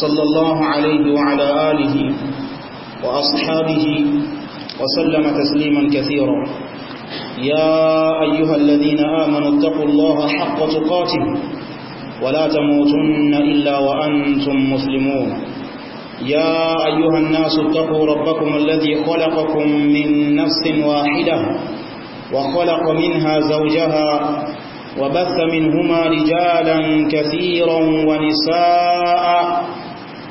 صلى الله عليه وعلى آله وأصحابه وسلم تسليما كثيرا يا أيها الذين آمنوا اتقوا الله حق تقاته ولا تموتن إلا وأنتم مسلمون يا أيها الناس اتقوا ربكم الذي خلقكم من نفس واحدة وخلق منها زوجها وبث منهما رجالا كثيرا ونساء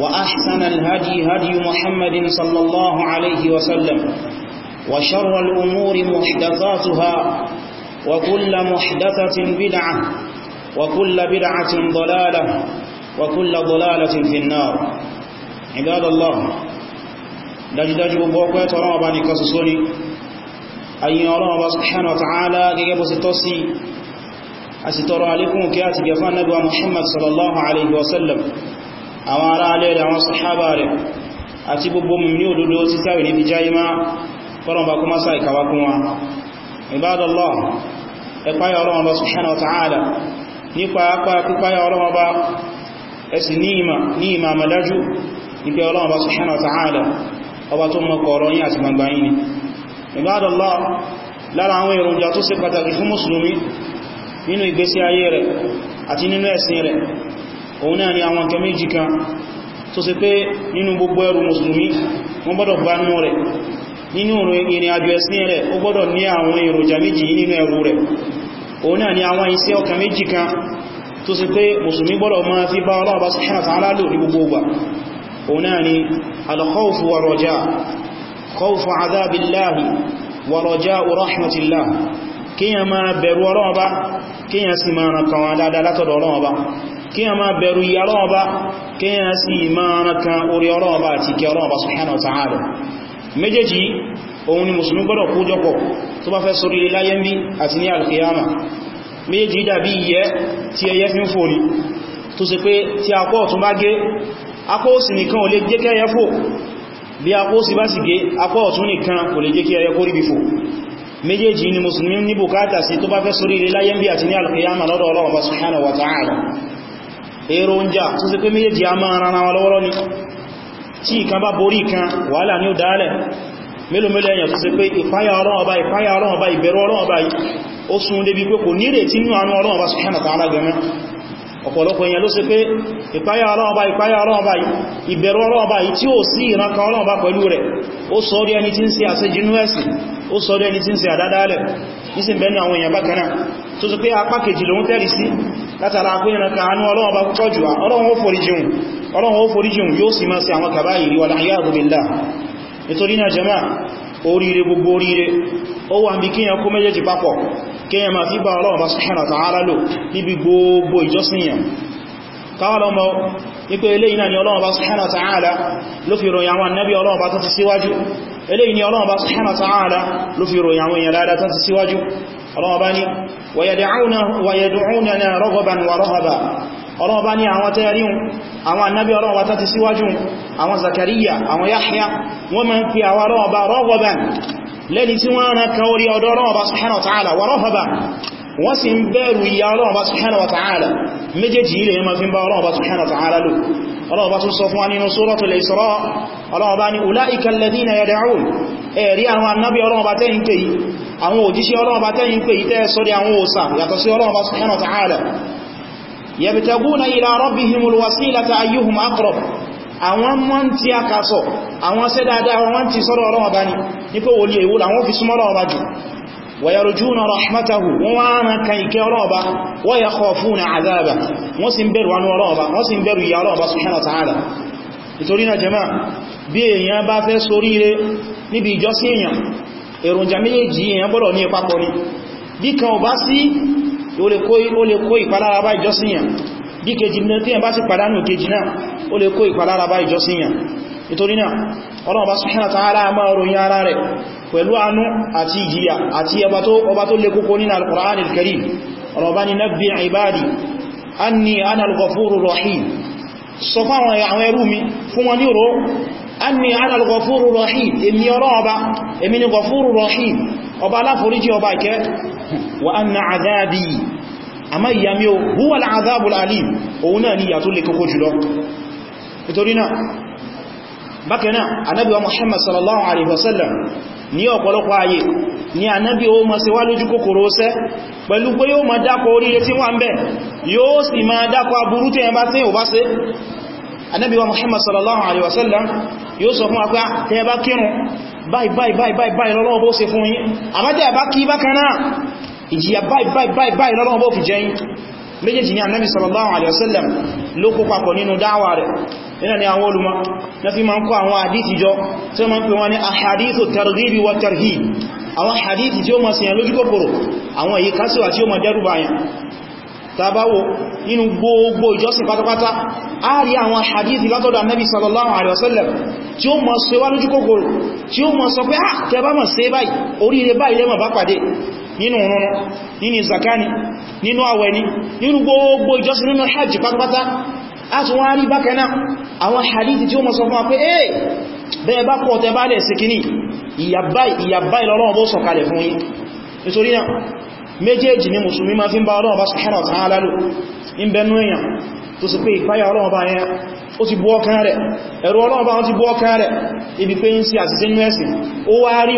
وأحسن الهدي هدي محمد صلى الله عليه وسلم وشر الأمور محدثاتها وكل محدثة بدعة وكل بدعة ضلالة وكل ضلالة في النار عباد الله دجدج بوكوة رابا نكسسوني أن يرى سبحانه وتعالى يجب ستوصي أستر عليكم كاتب يفان نبوى محمد صلى الله عليه وسلم àwọn ará alẹ́ rẹ̀ àwọn sàhábà rẹ̀ àti gbogbo mú ní òdòdó tí sáwì níbi jáyé máa imá kọ́lọ̀mbà kó másá ìkàwákún wa Ibadallah ẹ̀páyà ọlọ́wọ́n bá subhanahu wa ta'ala nípa ṣe nínú ìgbésí ayé rẹ̀ àti nínú ẹ̀sìn rẹ̀ òun náà ni àwọn nǹkan méjì kan tó ṣe pé nínú gbogbo ẹrù mùsùlùmí wọ́n gbọ́dọ̀ bá nú rẹ̀ nínú ìrìn àjò ẹ̀sìn rẹ̀ ó gbọ́dọ̀ ní àwọn èròjà méjì nínú ẹrù rẹ̀ òun náà ni àwọn iṣẹ́ ọkàn méjì kan tó sì pé mùsùlùmí gbọ́dọ̀ ma fi bá ọlọ́ọ̀bá subhanahu wa ta'ala lò ní kí a máa bẹ̀rù ìyà Ọlọ́run Ọba kí a sì máa rákan orí Ọlọ́run Ọba àti kí Ọlọ́run Ọba subhanahu wa ta'ala méjèèjì òun ni musulmi gbọ́dọ̀ kójọpọ̀ tó bá fẹ́ sórí láyé bí àti ní alkiyama méjèèjì dàbí ìyẹ́ tí ẹyẹ fi ń fò ní tó ṣe pé tí apọ́ ọ̀tún bá gé apọ́ òsì nìkan ò lè jẹ́ kí ẹyẹ fò bí apọ́ òsì èrò ń jà tó sì pé méjèèjì a máa rárá wọn lọ́wọ́lọ́ ni tí ìkan bá borí ìkan wàhálà ní ó dálẹ̀ mélòmélò èyàn tó sì pé ìfáyà Ọlọ́run Ọba ìfáyà Ọlọ́run Ọba ìbẹ̀rù Ọlọ́run Ọba ó sún Ọba subhanahu wa ta'ala gẹ̀mẹ́ ọ̀pọ̀lọpọ̀ èyàn ló sì pé ìpáyà Ọlọ́run Ọba ìbẹ̀rù Ọlọ́run tó sì pé apá kejì lòun tẹ́rì sí látara ka anú ọlọ́wọ́ bá pọ̀jù ọlọ́wọ́ ji foríjìn ọlọ́wọ́ ó foríjìn yóò sì máa sí àwọn kàbáyìí wà láyé àrùbìlá nítorí náà jẹ́mà oríire gbogbo oríire ó wà bí kíyàn kó méjèèjì papọ̀ kíyàn gbogbo ìjọsìnyàn káwàlọ́mọ́ wípé eléyìí eléyìí ni ọlọ́wọ́ bá subhanahu wa ta'ala ló fi ròyìn àwọn èèyàn ládá tán ti síwájú ọlọ́wọ́ bá ní wayad'unana raghaban wa rahaba ọlọ́wọ́ bá ní àwọn tẹ́rí àwọn annabi ọlọ́wọ́ bá tán ti síwájú àwọn zakariya àwọn yahya wọ́n ma ń fi àwọn ọlọ́wọ́ bá raghaban lẹ́ni tí wọ́n rán kan orí ọdọ́ ọlọ́wọ́ bá subhanahu wa ta'ala wa wọ́n sì ń bẹ̀rù ìyà ọlọ́wọ́ bá subhanahu wa ta'ala méjèèjì ilẹ̀ yẹn fi ń bá ọlọ́wọ́ bá subhanahu wa lò ọlọ́ọ̀bá tún sọ fún wa nínú suratul Isra ọlọ́ọ̀bá ni ulaika alladhina yad'un ẹ̀rí àwọn annabi ọlọ́ọ̀bá tẹ́yìn pé yìí àwọn òjíṣẹ́ ọlọ́ọ̀bá tẹ́yìn pé yìí tẹ́ sọ́dẹ̀ àwọn òsà yàtọ̀ sí ọlọ́ọ̀bá subhanahu wa ta'ala yabtaguna ila rabbihimul wasilata ayyuhum aqrab àwọn wọ́n ويرجون رحمته وانا كيك رابا ويخافون عذابه وسنبر عن رابا وسنبر يا رابا سبحانه وتعالى nítorínà jẹma bí èèyàn bá fẹ́ ṣoríire níbi ìjọsí èèyàn èròjà méjèèjì èèyàn gbọ́dọ̀ ní ìpapọ̀ ní bí kan ò bá sí ó lè kó nítorí náà ọlọ́run bá subhanahu wa ta'ala máa ròyìn ara rẹ̀ pẹ̀lú àánú àti ìjìyà àti ọba tó lè kókó nínú al-Qur'an al-Karim ọlọ́ba ni nabbi ibadi anni ana al-ghafuru rahim sọ fáwọn àwọn ẹrú mi fún wọn ní ro anni ana al-ghafuru rahim èmi ọlọ́ọba èmi ni ghafuru rahim náà bákanáà anábíwa muhammad sallallahu alaihi wasallam ní ọ̀pọ̀lọpọ̀ ayé ni anábí o ma ṣe wá lójú kòkòrò ṣẹ́ pẹ̀lú pé yóò ma dákọ̀ oríire tí wọ́n bẹ̀ yóò sì ma dákọ̀ aburú tí ẹmbá tí ó bá ṣe anábíwa muhammad sallallahu alaihi wasallam yóò sọ fún wa pé ah, tẹ́ bá kírun báyìí báyìí báyìí báyìí lọ́lọ́wọ́ bó ṣe fún yín àbájẹ́ bá kí bákanáà ìjìyà báyìí báyìí báyìí lọ́lọ́wọ́ bó fi jẹ yín méjèèjì ni anábí sallallahu alaihi wasallam ló kó nínà ni àwọn olùmọ̀ na fi ma ń kọ àwọn àdísì jọ tí ó ma ń pè wọn ní àhàdísù targhibi wa tarhib àwọn àdísì tí ó ma sèyàn lójú kòkòrò àwọn èyí kásíwà tí ó ma dẹ́rù báyàn tàbáwò nínú gbogbo ìjọsìn pátápátá a rí àwọn àdíjì látọ̀dọ̀ annabi sallallahu alaihi wasallam tí ó mọ̀ ṣe wá lójú kòkòrò tí ó mọ̀ sọ pé à ah, tẹbá mọ̀ ṣe báyìí oríire báyìí lẹ́mọ̀ bá pàdé nínú òrùn nínú zakani nínú àwẹ̀ni nínú gbogbo ìjọsìn nínú hajj pátápátá a tún wá rí bákanáà àwọn hadithi tí ó mọ́ sọ fún wa pé bẹ́ẹ̀ bá pọ̀ tẹ lẹ̀ sí kìíní ìyàbá ìlọ́lọ́wọ́ bó sọ̀kalẹ̀ fún yín nítorí náà méjèèjì ni mùsùlùmí máa fi ń bá Ọlọ́run bá subhanahu wa ta'ala lò ń bẹnu èèyàn tó sì pé ìpáyà Ọlọ́run bá yẹn ó ti bú ọkàn rẹ̀ ẹ̀rù Ọlọ́run bá wọ́n ti bú ọkàn rẹ̀ ibi pé ń sí àti sínú ẹ̀sìn ó wá rí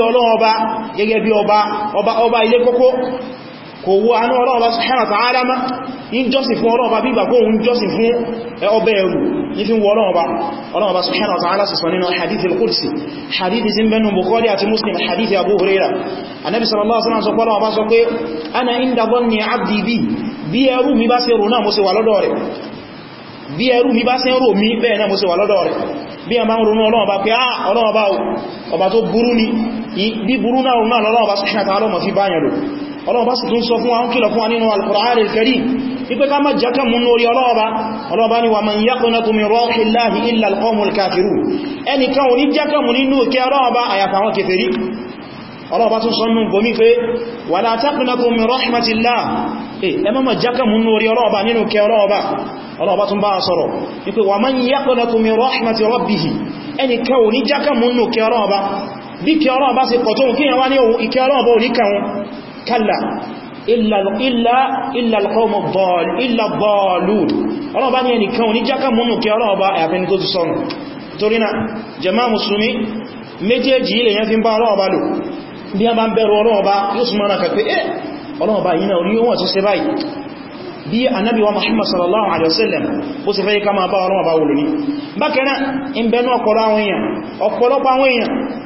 kò wo anú ọlọ́ọ̀bá subhanahu wa ta'ala má ń jọ́sìn fún ọlọ́ọ̀bá bí ìgbàgbó ń jọ́sìn fún ọbẹ̀ ẹrù ní fi ń wọ ọlọ́ọ̀bá ọlọ́ọ̀bá subhanahu wa ta'ala sọ nínú hadith al-qudsi hadith zin bẹnu bukhari àti muslim hadith abu huraira annabi sallallahu alaihi wasallam sọ pọ́lọ́wọ́ bá sọ pé ana inda dhanni abdi bi bí ẹrù mi bá ṣe rò náà mo ṣe wà lọ́dọ̀ rẹ̀ bí ẹrù mi bá ṣe rò mí bẹ́ẹ̀ náà mo ṣe wà lọ́dọ̀ rẹ̀ bí a ń ronú ọlọ́wọ́ bá pé á ọlọ́wọ́ bá ọba tó burú ni bí burú náà ronú ọlọ́wọ́ bá subhanahu wa fi báyàn lò ọlọ́ọ̀bá sì tún sọ fún wa ń kìlọ̀ fún wa nínú al-Qur'an al-Karim ipé ká má jákà mú lórí ọlọ́ọ̀bá ọlọ́ọ̀bá ni wa man yaqnatu min rahillahi illa al-qawmul kafirun ẹnìkan ò ní jákà mú nínú kí ọlọ́ọ̀bá àyàfà wọn kèfèrí ọlọ́ọ̀bá tún sọ bí kí ọlọ́ọ̀bá sì pọ̀ kí yẹn ní ìkẹ́ ọlọ́ọ̀bá ò ní kàwọn kálà illa al-qawmu ad-dallun ọlọ́run bá ní ẹnìkan òní jákà múnù kí ọlọ́run bá àyàfẹ́ni tó ti sọ́nù torí náà jàmáà musulmi méjèèjì ilẹ̀ yẹn fi ń bá ọlọ́run bá lò bí a bá ń bẹ̀rù ọlọ́run bá yóò súnmọ́ náà kàpé eh ọlọ́run bá yìí náà orí wọ́n ti ṣe báyìí bí anábi wa Muhammad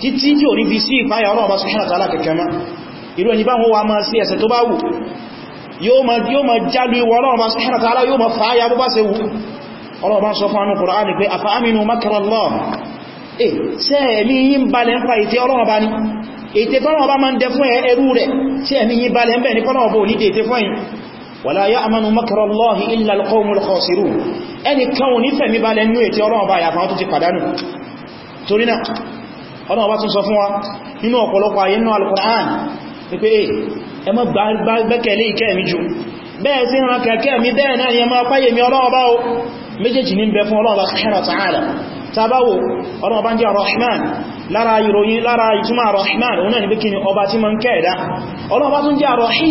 títí tí ò ní fi sí ìpáyà ọlọ́run bá subhanahu wa ta'ala kẹ̀kẹ́ mọ́ irú ẹni báwọn wà máa sí ẹsẹ̀ tó bá wù yóò máa jálù ìwọ ọlọ́run bá subhanahu wa ta'ala yóò máa fàáyà bó bá ṣe wù ọlọ́run bá sọ fánú Kùránì pé afa aminu makra Allah eh ṣé ẹ̀mí yín balẹ̀ ń pa ète ọlọ́run bá ní ète tọ́lọ́run bá máa ń dẹ torí náà ọlọ́wọ́ bá tún sọ fún wa nínú ọ̀pọ̀lọpọ̀ ayé nínú al-Qur'an wípé eh, ẹ má gbẹ́kẹ̀lé ìkẹ́ mi jù bẹ́ẹ̀ sí ìran kẹ̀kẹ́ mi bẹ́ẹ̀ náà ni ẹ máa páyè mi ọlọ́wọ́ bá o méjèèjì ní bẹ fún ọlọ́wọ́ subhanahu wa ta'ala tabawo ọlọ́wọ́ bá ń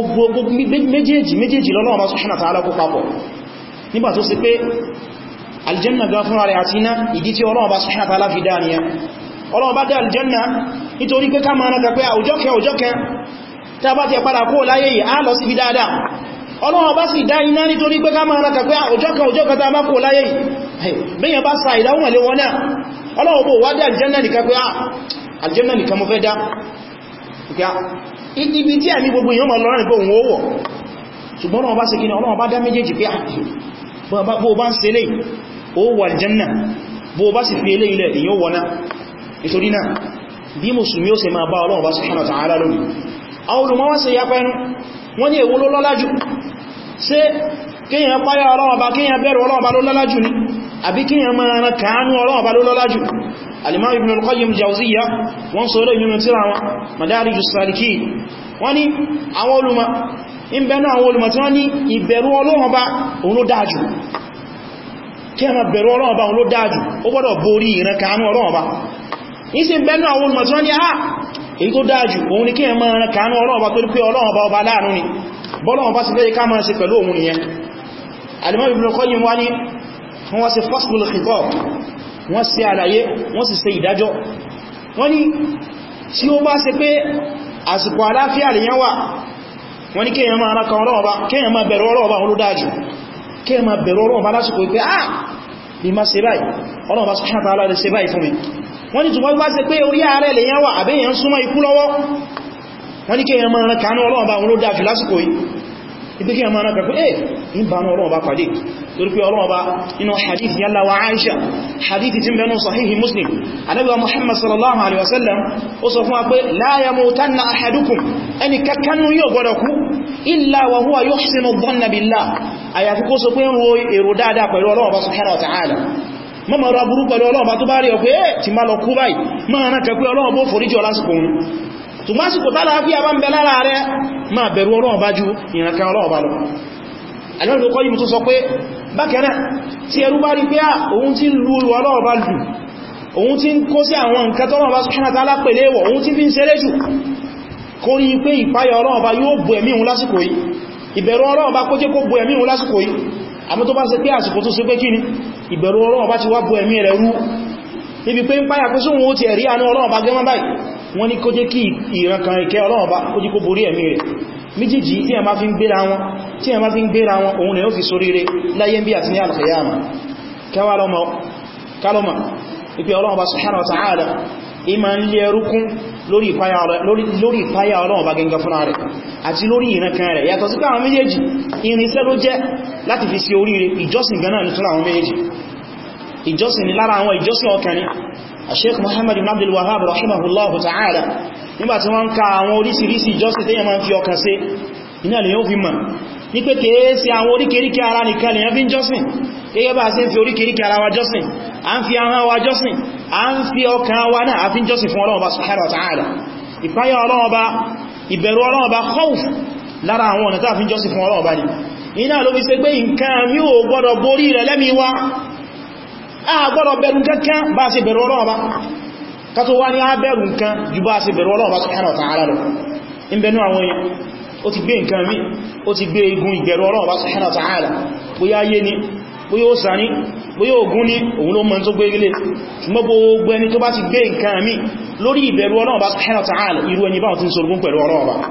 gbogbo méjèèjì méjèèjì lọ́lọ́wọ́ bá subhanahu wa ta'ala kó papọ̀ nígbà tó sì pé aljanna ga fún ara àti iná ìdí tí Ọlọ́run bá subhanahu wa ta'ala fi dá nìyà Ọlọ́run bá dá aljanna nítorí pé ká máa nága pé àwùjọ́kẹ àwùjọ́kẹ tí a bá ti padà kó láyé yìí á lọ síbi dáadáa Ọlọ́run bá sì dá iná nítorí pé ká máa nága pé àwùjọ́kẹ àwùjọ́kẹ ibi tí àmì gbogbo èèyàn ma lọ́rọ̀ nípa òun owó ṣùgbọ́n ọba sí kíni ọlọ́wọ́ bá dá méjèèjì pé ah, bó bá ń ṣe lè ó wà aljanna bó bá sì fi ilé ilẹ̀ èèyàn wọ́ná ìtorí náà bí mùsùlùmí ó ṣe máa bá ọlọ́wọ́ bá subhanahu wa lórí ya pẹ́nu wọ́n ní èwo ló lọ́lájú ṣé kíyàn páyà ọlọ́wọ́ bá ni àbí kíyàn máa kàánú alimam ibn al-qayyim jauziya wọ́n sọ lórí nínú tírà wọn madarijus salikin wọ́n ní àwọn olùmọ̀ in bẹ̀rẹ̀ àwọn olùmọ̀ tí wọ́n ní ìbẹ̀rù Ọlọ́run Ọba òun ló dájú kí ẹmà bẹ̀rù Ọlọ́run Ọba òun ló dájú ó gbọ́dọ̀ borí ìran kanú Ọlọ́run Ọba in sì bẹ̀rẹ̀ àwọn olùmọ̀ tí wọ́n ní ah èyí tó dájú òun ni kí ẹmà ran kanú Ọlọ́run Ọba torí pé Ọlọ́run Ọba ọba láàánú ni bọ́lọ́run Ọba sì fẹ́ ká máa ṣe pẹ̀lú òun nìyẹn alimam ibn al-qayyim wá ní wọ́n wá sí khitab wọ́n ṣe àlàyé wọ́n sì ṣe ìdájọ́ wọ́n ní tí ó bá ṣe pé àsìkò àláfíà lèyàn wà wọ́n ní kéèyàn máa rákan ọlọ́ọ̀bá kéèyàn máa bẹ̀rọ ọlọ́ọ̀bá olódájú kéèyàn máa bẹ̀rọ ọlọ́ọ̀bá lásìkò pé ah bí ma ṣe báyìí ọlọ́ọ̀bá subhanahu wa ta'ala lè ṣe báyìí fún mi wọ́n ní tí wọ́n bá ṣe pé orí ààrẹ lèyàn wà àbẹ́yàn súnmọ́ ibi kí a máa rákà pé eh in bá náà ọlọ́ọ̀bá pàdé torí pé ọlọ́ọ̀bá inú hadith yalla wa aisha hadith tí bẹnu sahihi muslim anábíwa muhammad sallallahu alaihi wasallam ó sọ fún wa pé la yamutanna ahadukum ẹni kakkanu yóò gbọ́dọ̀ kú illa wa huwa yuhsinu dhanna billah àyàfi kó sọ pé ń ro èrò dáadáa pẹ̀lú ọlọ́ọ̀bá subhanahu wa ta'ala mọ́mọ̀ ṣùgbọ́n àsìkò tálàáfíà bá ń bẹ lára rẹ máa bẹ̀rù Ọlọ́run bá ju ìrànkan Ọlọ́run bá lọ alẹ́lẹ́ kọ́ yìí tó sọ pé bákẹ́rẹ́ tí ẹrú bá rí pé à òun ti lú Ọlọ́run bá lù òun ti ń kó sí àwọn nǹkan tọ́lọ́run bá subhanahu wa ta'ala pèlé wọ̀ òun ti fi ń ṣeré jù kó pé ń páyà pé sóhun ó ti ẹ̀rí àánú Ọlọ́run gẹ́mọ́ báyìí wọ́n ní kó jẹ́ kí ìrankan ìkẹ́ Ọlọ́run bá kó jí kó borí ẹ̀mí rẹ̀ méjìjì tí ẹ̀má fi ń gbéra wọn tí ẹ̀má fi ń gbéra wọn òun rẹ̀ ó fi ṣoríire láyé ń bí àti ní al-qiyāmah kálọ́mà ìpé Ọlọ́run bá subhanahu wa ta'ala ìmá ń lé ẹrúkún lórí ìpáyà Ọlọ́run bá gẹngẹ fúnra rẹ̀ àti lórí ìrankan rẹ̀ yàtọ̀ sí ìjọsìn ni lára àwọn ìjọsìn ọkàn ni Sheikh Muhammad ibn Abdul Wahhab rahimahullahu ta'ala nígbà tí wọ́n ń ka àwọn orísìírísì ìjọsìn tẹ́yẹ máa ń fi ọkàn ṣe iná lè yóò fi mọ̀ ní pé kèé sí àwọn oríkèríkè ara nìkan lèyàn fi ń jọ́sìn gẹ́gẹ́ bá ṣe ń fi oríkèríkè ara wa jọ́sìn a ń fi ahọ́n wa jọ́sìn a ń fi ọkàn wa náà a fi ń jọ́sìn fún Ọlọ́run Ọba subhanahu wa ta'ala ìpáyà Ọlọ́run Ọba àgbọ́dọ̀ bẹ̀rù kankan bá ṣe bẹ̀rù Ọlọ́run bá ká tó wá ní àbẹ̀rù nǹkan jù bá ṣe bẹ̀rù Ọlọ́run bá subhanahu wa ta'ala lọ in bẹnu àwọn èèyàn ó ti gbé nǹkan mí ó ti gbé igun ìbẹ̀rù Ọlọ́run bá subhanahu wa ta'ala bóyá ayé ni bóyá òsà ni bóyá Ògún ni òun tó gbé ilé ṣùgbọ́n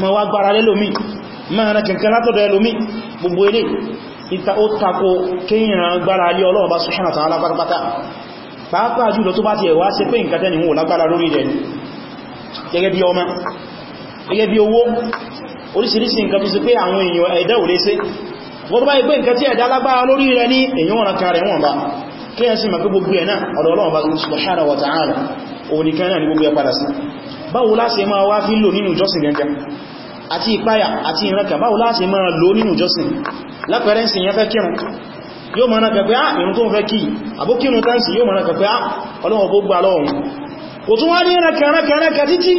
ma wá gbára lẹ́lòmí ma rẹ̀ kẹ̀kẹ́ látọ̀dọ̀ ẹlòmí gbogbo ilé ìta ó tako kíyàn gbára lé Ọlọ́run subhanahu wa ta'ala pátápátá pàápàá jùlọ tó bá ti ẹ̀wà ṣe pé nǹkan tẹ́ni wọn lágbára lórí rẹ̀ gẹ́gẹ́ bí ọmọ gẹ́gẹ́ bí owó oríṣiríṣi nǹkan tó sì pé àwọn èèyàn ẹ̀dá ò lè ṣe wọ́n bá ìgbé nǹkan tí ẹ̀dá lágbára lórí rẹ̀ ní èèyàn wọn kan rẹ̀ wọn ni báwo láṣe máa wá fi lò nínú ìjọsìn gẹ́gẹ́ àti ìpáyà àti ìrẹ́kà báwo láti máa lò nínú ìjọsìn lápẹẹrẹ ìsìn yẹn fẹ́ kírun yóò máa ránkà pé á ah, ìrun tó ń fẹ́ kí àbó kírun táìsì yóò máa ránkà pé á ah, ọlọ́wọ́ bó gbà lọ́wọ́ kò tún wá ní ránkà ránkà ránkà títí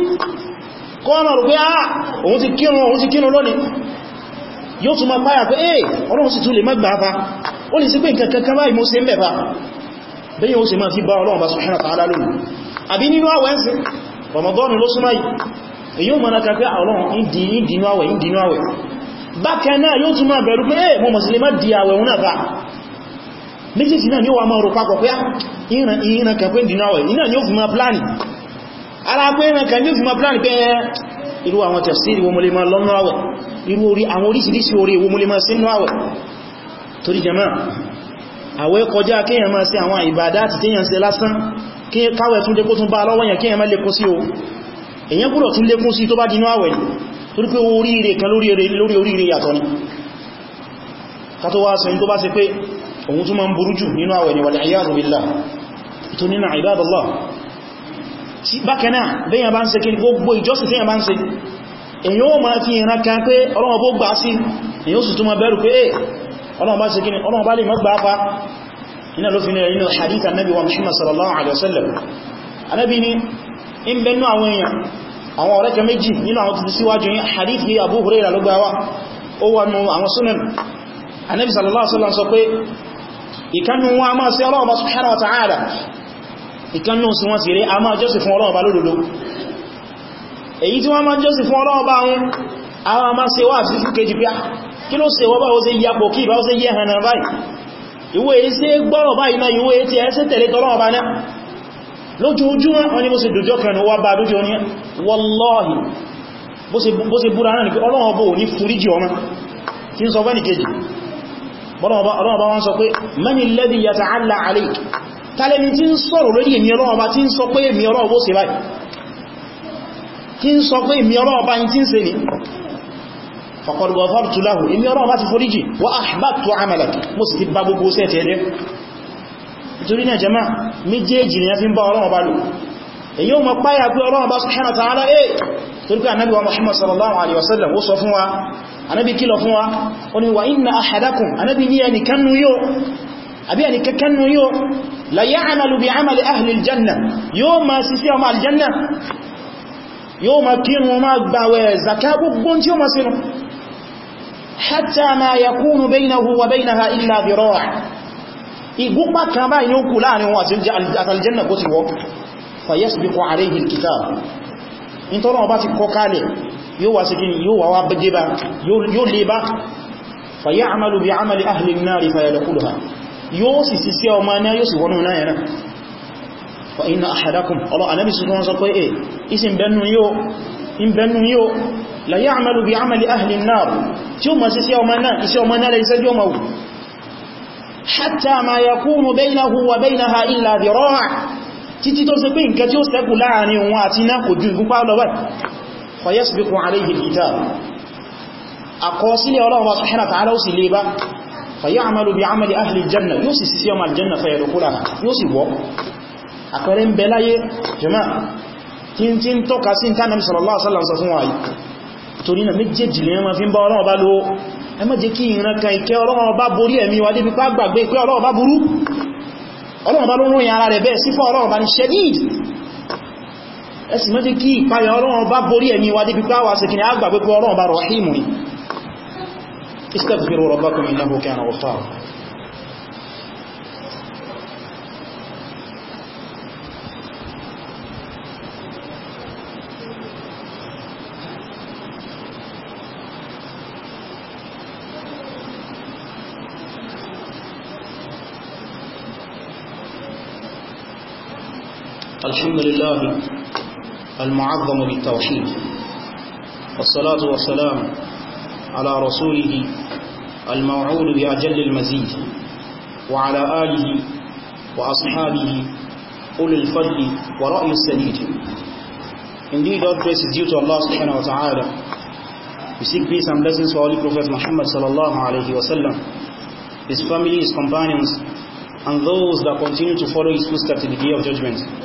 kọ́ ọmọ rò pé á ah, òun ti kírun òun ti kírun eh, ọlọ́run sì tún wa ta'ala lónìí àbí nínú àwẹ́sìn Ramadan ló súnmọ́ èyí mọ̀ náà pé ah, ọlọ́run ìdínú àwẹ̀ ìdínú àwẹ̀ bákan náà yóò tún máa bẹ̀rù pé ẹ̀ mọ́ mùsùlùmí di àwẹ̀ òun náà bá méjèèjì náà ni ó wà máa rò papọ̀ pé ah, ìran kan ìdínú àwẹ̀ iná ni ó fi máa pláàni ni ó fi máa pláàni pé eh, irú àwọn tafsiri wo mo lè máa lọ́nà àwẹ̀ irú orí àwọn oríṣiríṣi orí wo mo lè máa sínú àwẹ̀ torí jẹ́mọ́ àwẹ̀ kọjá kéèyàn máa ṣe àwọn ìbàdá àti téèyàn káwẹ̀ tún dé kó tún bá lọ́wọ́ yẹn kéèyàn má lè kó sí o èyàn gbọ́dọ̀ tún lékún sí tó bá dínú àwẹ̀ torí pé oríire kan lórí oríire yàtọ̀ ni kàtọ́ wá sẹ́yìn tó bá ṣe pé òun tún ma ń burú jù nínú àwẹ̀ ni wal-iyadhu billah tó nínú ibadallah bákanáà bẹ́yàn bá ń ṣe kí gbogbo ìjọsìn tẹ́yàn bá ń ṣe èyàn ó máa fi ìran kan pé ọlọ́wọ́ eh, wa muhammad sallallahu alaihi wasallam in bẹnu àwọn èèyàn àwọn ọ̀rẹ́kẹ méjì ninu àwọn tuntun síwájú yí hadith yí Abu Hurairah ló gbáwá ó wà nù àwọn sunan Ànábì sallallahu alaihi wasallam sọ pé ìkannú a máa sí Ọlọ́run subhanahu wa ta'ala ma sí wọn sì rí a máa jọ́sì fún Ọlọ́run lódodo èyí wọn a máa ṣe wá àti kejì ah, lójoojúmọ́ wọn ni bó ṣe dòjọ́ kan wá bá lójú oní wallahi bó ṣe búra náà ni pé ọlọ́wọ́ bó ní fúríjì ọmọ tí ń sọ bẹ́ nìkejì ọlọ́wọ́ bá wọ́n sọ pé mani alladhi yata'alla alayk tàlẹ́ni tí ń sọ̀rọ̀ lórí èmì ọlọ́wọ́ bá tí ń sọ pé èmì ọlọ́wọ́ bó ṣe méjèèjì ni fi ń bá ọlọ́run bá lò èyí o mọ̀ páyà pé ọlọ́run bá subhanahu wa ta'ala ẹ́ torípé anábi wa muhammad sallallahu alaihi wasallam ó sọ fún wa anábi kílọ̀ fún wa ó ní wa inna ahadakum anábi ní ẹnikannú yóò àbí ẹnikannú yóò la ya'malu bi 'amali ahli aljanna yóò ma ṣiṣẹ́ ọmọ aljanna yóò ma kírun ma gbàwẹ̀ ìgúnpá kan báyìí ni ó kù láàrin wọn àti àtàlìjẹ́nà kó ti wọ́ fàyẹ́sì bí kọ àrẹ́ ìhìn kìtà nítorí wọn bá ti kọ kalẹ̀ yóò wá síkí yóò wá wá bẹ́gé bá yóò lè bá fàyẹ́ àmàlù bí àmàlì ahìlì náà rí fàyẹ̀ lẹ́kùlù ha yóò sì sí sí ọmọ náà yóò sì wọnú náà yẹn náà fa inna ahadakum ọlọ́ eh, anábi sí hatta ma yakunu bainahu wa bainaha illa dhira' títí tó ṣe pé nǹkan tí ó ṣẹ́kù láàrin òun àti iná kò ju ìgúnpá lọ báyìí fa yasbiqu alayhi al-kitab àkọsílẹ̀ Ọlọ́run wa subhanahu wa ta'ala ó sì lè e bá fa ya'malu bi 'amali ahli al-janna yóò torí na méjèèjì lè mọ́ fi ń bá Ọlọ́run bá lówó ẹ má jẹ́ kí ìran kan ìkẹ́ ọlọ́run ọba borí ẹ̀mí wa débi pá gbàgbé pé ọlọ́run ọba burú ọlọ́run ọba ló ròyìn ara rẹ̀ bẹ́ẹ̀ sí fún ọlọ́run ọba ní shedid ẹ sì má kí ìpayà ọlọ́run ọba borí ẹ̀mí wà sẹ́kìnrin àgbàgbé pé ọlọ́run الحمد لله المعظم بالتوحيد والصلاة والسلام على رسوله الموعود بأجل المزيد وعلى آله وأصحابه أولي الفضل ورأي السديد Indeed, all praise is due to Allah subhanahu wa ta'ala. We seek peace and blessings for Holy Prophet Muhammad sallallahu alayhi wa sallam, his family, his companions, and those that continue to follow his footsteps to the Day of Judgment.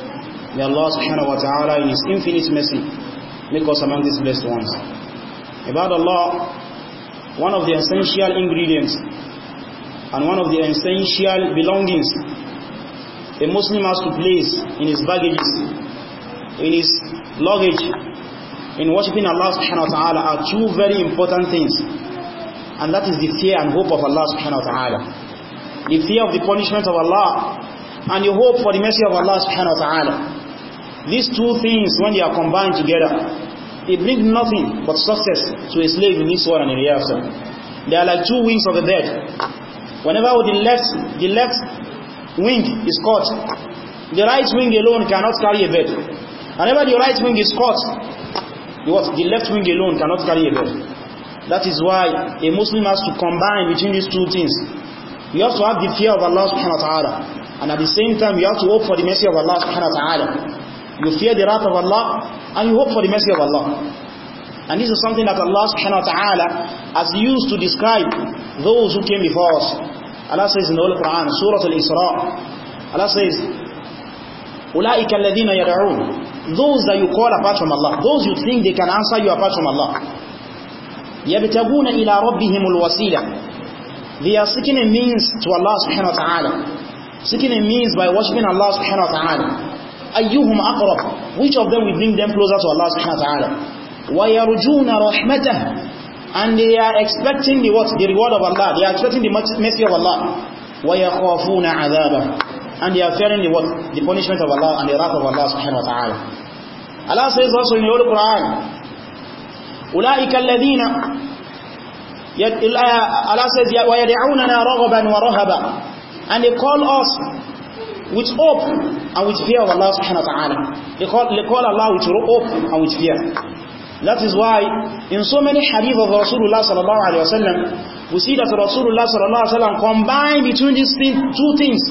May Allah subhanahu wa ta'ala in His infinite mercy make us among these blessed ones. About Allah, one of the essential ingredients and one of the essential belongings a Muslim has to place in his baggage, in his luggage, in worshipping Allah subhanahu wa ta'ala are two very important things. And that is the fear and hope of Allah subhanahu wa ta'ala. The fear of the punishment of Allah and the hope for the mercy of Allah subhanahu wa ta'ala. These two things, when they are combined together, it brings nothing but success to a slave in this world and in the hereafter. They are like two wings of the bird. Whenever the left, the left wing is caught, the right wing alone cannot carry a bird. Whenever the right wing is caught, the, what, the left wing alone cannot carry a bird. That is why a Muslim has to combine between these two things. You have to have the fear of Allah subhanahu wa ta'ala. And at the same time, you have to hope for the mercy of Allah subhanahu wa ta'ala. you fear the wrath of Allah and you hope for the mercy of Allah and this is something that Allah subhanahu wa ta'ala has used to describe those who came before us Allah says in the Holy Quran Surah Al-Isra Allah says أُولَٰئِكَ الَّذِينَ يَدْعُونَ those that you call apart from Allah those you think they can answer you apart from Allah يَبْتَغُونَ إِلَىٰ رَبِّهِمُ الْوَسِيلَةِ they are seeking a means to Allah subhanahu wa ta'ala seeking a means by worshipping Allah subhanahu wa ta'ala أيهم أقرب which of them will bring them closer to Allah subhanahu wa ta'ala ويرجون رحمته and they are expecting the what the reward of Allah they are expecting the mercy of Allah ويخافون عذابه and they are fearing the what the punishment of Allah and the wrath of Allah subhanahu wa ta'ala Allah says also in the Holy Quran أولئك الذين Allah says وَيَدْعُونَنَا رَغَبًا وَرَهَبًا and they call us with hope and with fear of Allah subhanahu wa ta'ala. They call, they call Allah with hope and with fear. That is why in so many hadith of Rasulullah sallallahu alayhi wa sallam, we see that Rasulullah sallallahu alayhi wa sallam combined between these things, two things.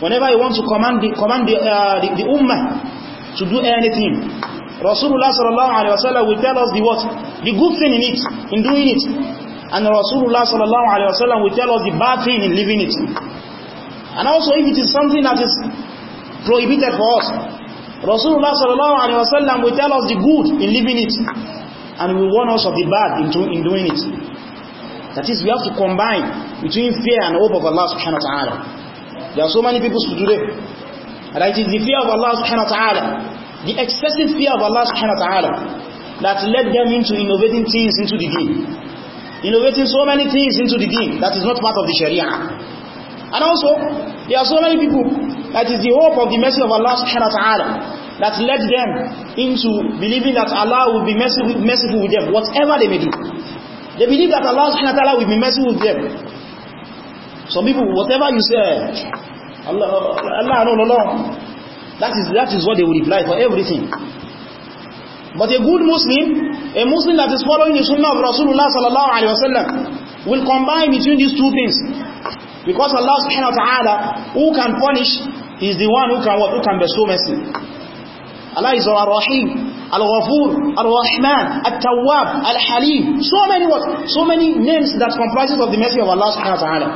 Whenever he wants to command the, command the, uh, the, the ummah to do anything, Rasulullah sallallahu alayhi wa sallam will tell us the what? The good thing in it, in doing it. And Rasulullah sallallahu alayhi wa sallam will tell us the bad thing in leaving it. and also if it is something that is prohibited for us Rasulullah sallallahu alaihi wasallam will tell us the good in living it and will warn us of the bad in, in doing it that is we have to combine between fear and hope of Allah subhanahu wa ta'ala there are so many people today that it is the fear of Allah subhanahu wa ta'ala the excessive fear of Allah subhanahu wa ta'ala that led them into innovating things into the deen innovating so many things into the deen that is not part of the sharia And also, there are so many people that is the hope of the mercy of Allah subhanahu wa ta'ala that led them into believing that Allah will be merciful, with them, whatever they may do. They believe that Allah subhanahu wa ta'ala will be merciful with them. Some people, whatever you say, Allah, Allah, no, no, no. That is, that is what they will reply for everything. But a good Muslim, a Muslim that is following the Sunnah of Rasulullah sallallahu alaihi wasallam, will combine between these two things. Because Allah subhanahu wa ta'ala, who can punish, is the one who can, who can bestow mercy. Allah is al rahim Al-Ghafur, al rahman At-Tawwab, Al-Halim. So many words, so many names that comprises of the mercy of Allah subhanahu wa ta'ala.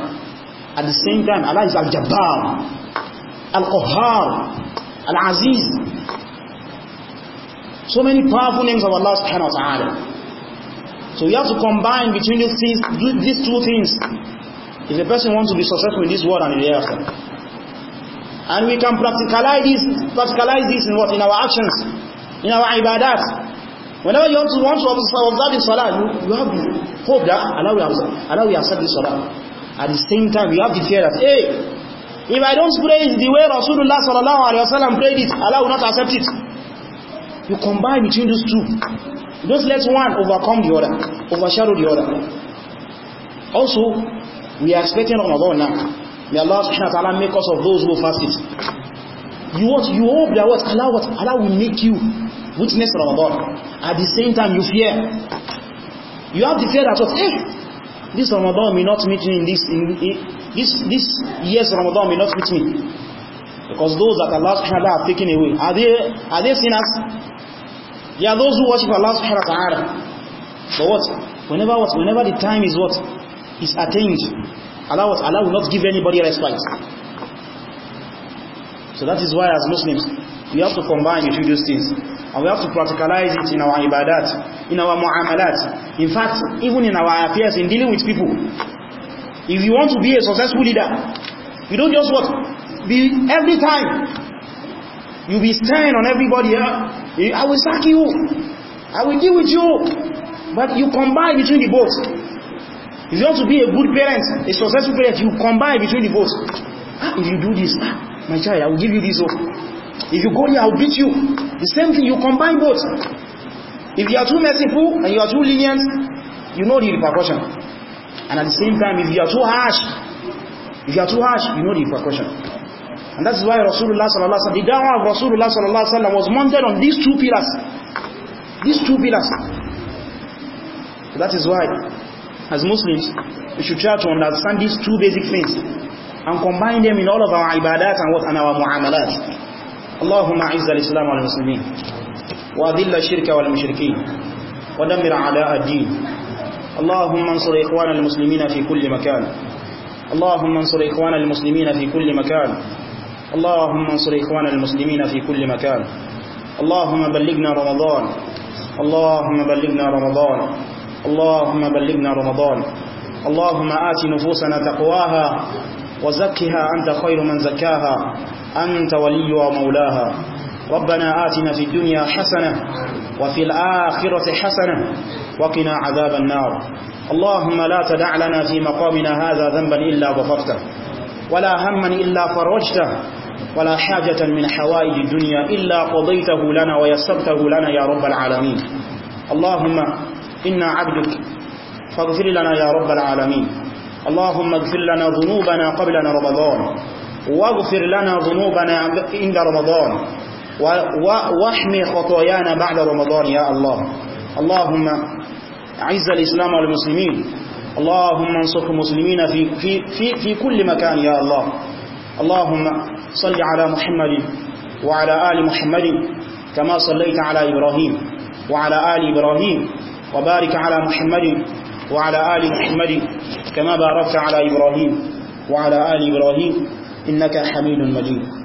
At the same time, Allah is Al-Jabbar, Al-Qahhar, Al-Aziz. So many powerful names of Allah subhanahu wa ta'ala. So we have to combine between these, things, these two things if a person wants to be successful in this world and in the hereafter. And we can practicalize this, practicalize this in what? In our actions, in our ibadat. Whenever you want to, want to observe the salah, you, you have the hope that Allah will, Allah will accept the salah. At the same time, you have the fear that, hey, if I don't pray it the way Rasulullah sallallahu alayhi wa sallam prayed it, Allah will not accept it. You combine between those two. You let one overcome the other, overshadow the other. Also, we are expecting Ramadan now may Allah subhanahu wa ta'ala make us of those who fast it you want you hope that what Allah what Allah will make you witness Ramadan at the same time you fear you have the fear that what hey this Ramadan may not meet me in this in, in this this year's Ramadan may not meet me because those that Allah subhanahu wa ta'ala have taken away are they are they sinners they are those who worship Allah subhanahu wa ta'ala but what whenever what whenever the time is what is attained, Allah, was, Allah will not give anybody a respite. So that is why as Muslims, we have to combine between those things. And we have to practicalize it in our ibadat, in our muamalat. In fact, even in our affairs, in dealing with people. If you want to be a successful leader, you don't just what? Be every time. You be stern on everybody. I will sack you. I will deal with you. But you combine between the both. If you want to be a good parent, a successful parent, you combine between the both. Ah, if you do this, ah, my child, I will give you this. Hope. If you go here, I will beat you. The same thing, you combine both. If you are too merciful and you are too lenient, you know the repercussion. And at the same time, if you are too harsh, if you are too harsh, you know the repercussion. And that is why Rasulullah sallallahu alaihi wasallam, the da'wah of Rasulullah sallallahu alaihi wasallam was mounted on these two pillars. These two pillars. So that is why As Muslims, we should try to understand these two basic things and combine them in all of our ibadat and what and our muamalat. اللهم اعز الاسلام والمسلمين واذل الشرك والمشركين ودمر اعداء الدين اللهم انصر اخوان المسلمين في كل مكان اللهم انصر اخوان المسلمين في كل مكان اللهم انصر اخوان المسلمين في كل مكان اللهم بلغنا رمضان اللهم بلغنا رمضان اللهم بلغنا رمضان اللهم آت نفوسنا تقواها وزكها أنت خير من زكاها أنت ولي ومولاها ربنا آتنا في الدنيا حسنة وفي الآخرة حسنة وقنا عذاب النار اللهم لا تدع لنا في مقامنا هذا ذنبا إلا غفرته ولا هما إلا فرجته ولا حاجة من حوائج الدنيا إلا قضيته لنا ويسرته لنا يا رب العالمين اللهم إنا عبدك فاغفر لنا يا رب العالمين اللهم اغفر لنا ذنوبنا قبل رمضان واغفر لنا ذنوبنا عند رمضان واحمي خطايانا بعد رمضان يا الله اللهم عز الإسلام والمسلمين اللهم انصر المسلمين في, في, في, في كل مكان يا الله اللهم صل على محمد وعلى آل محمد كما صليت على إبراهيم وعلى آل إبراهيم وبارك على محمد وعلى آل محمد كما باركت على إبراهيم وعلى آل إبراهيم إنك حميد مجيد